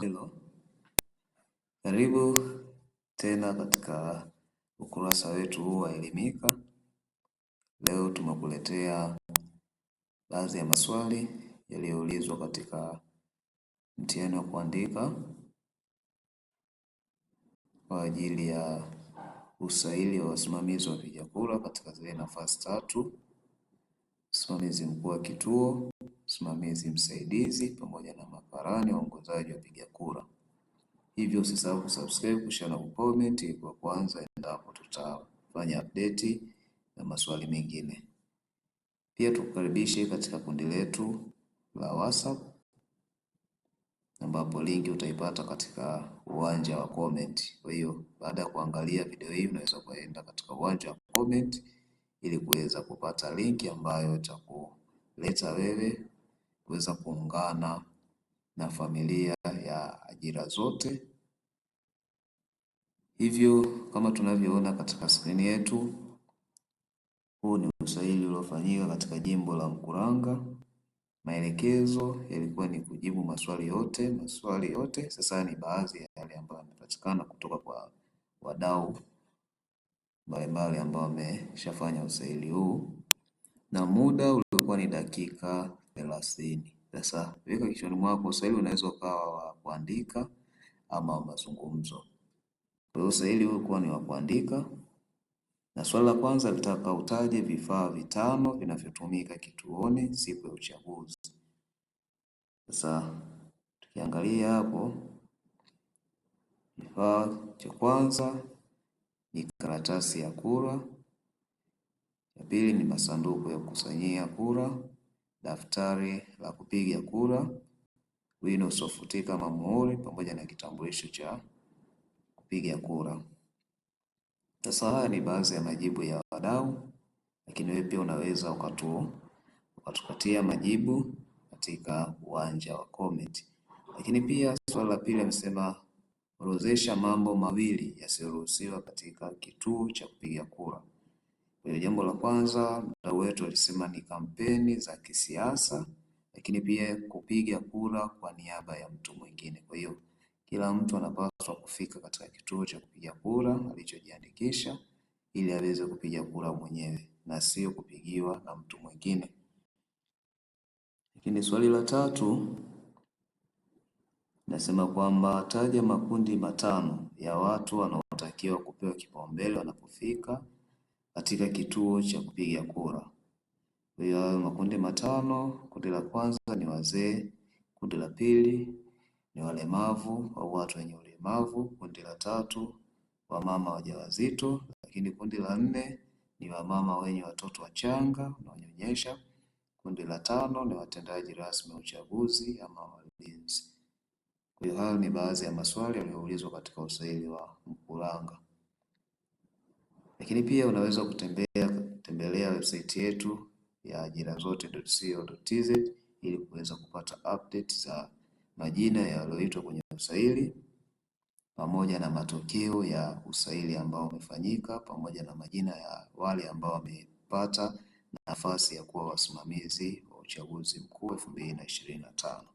Hello. Karibu tena katika ukurasa wetu huu wa Elimika. Leo tumekuletea baadhi ya maswali yaliyoulizwa katika mtihani wa kuandika kwa ajili ya usaili wa wasimamizi wa wapiga kura katika zile nafasi tatu msimamizi mkuu wa kituo, msimamizi msaidizi pamoja na makarani waongozaji wapiga kura. Hivyo usisahau kusubscribe, kushare na kucomment kwa kwanza endapo tutafanya update na maswali mengine. Pia tukukaribishe katika kundi letu la WhatsApp ambapo linki utaipata katika uwanja wa comment. Kwa hiyo baada ya kuangalia video hii unaweza ukaenda katika uwanja wa comment ili kuweza kupata linki ambayo itakuleta wewe kuweza kuungana na familia ya ajira zote. Hivyo kama tunavyoona katika skrini yetu, huu ni usahili uliofanyika katika jimbo la Mkuranga. Maelekezo yalikuwa ni kujibu maswali yote, maswali yote. Sasa ni baadhi ya yale ambayo yamepatikana kutoka kwa wadau mbalimbali ambao wameshafanya usaili huu na muda uliokuwa ni dakika thelathini. Sasa weka kichwani mwako, usaili unaweza ukawa wa kuandika ama wa mazungumzo. Kwa hiyo usaili huu kuwa ni wa kuandika, na swali la kwanza litaka utaje vifaa vitano vinavyotumika kituoni siku ya uchaguzi. Sasa tukiangalia hapo, kifaa cha kwanza ni karatasi ya kura, ya pili ni masanduku ya kukusanyia kura, daftari la kupiga kura, wino usiofutika kama muhuri pamoja na kitambulisho cha kupiga kura. Sasa haya ni baadhi ya majibu ya wadau, lakini wewe pia unaweza ukatu ukatupatia majibu katika uwanja wa comment. Lakini pia swali la pili amesema Orodhesha mambo mawili yasiyoruhusiwa katika kituo cha kupiga kura. Kwenye jambo la kwanza mdau wetu alisema ni kampeni za kisiasa, lakini pia kupiga kura kwa niaba ya mtu mwingine. Kwa hiyo kila mtu anapaswa kufika katika kituo cha kupiga kura alichojiandikisha ili aweze kupiga kura mwenyewe na sio kupigiwa na mtu mwingine. Lakini swali la tatu inasema kwamba taja makundi matano ya watu wanaotakiwa kupewa kipaumbele wanapofika katika kituo cha kupiga kura. Kwa hiyo hayo makundi matano, kundi la kwanza ni wazee, kundi la pili ni walemavu au watu wenye ulemavu, kundi la tatu wamama wajawazito, lakini kundi la nne ni wamama wenye watoto wachanga wanaonyonyesha, kundi la tano ni watendaji rasmi wa uchaguzi ama walinzi. Kwa hiyo hayo ni baadhi ya maswali yaliyoulizwa katika usaili wa Mkuranga. Lakini pia unaweza kutembea kutembelea website yetu ya ajira zote.co.tz ili kuweza kupata update za majina yaliyoitwa kwenye usaili pamoja na matokeo ya usaili ambao umefanyika pamoja na majina ya wale ambao wamepata nafasi ya kuwa wasimamizi wa uchaguzi mkuu elfu mbili na ishirini na tano.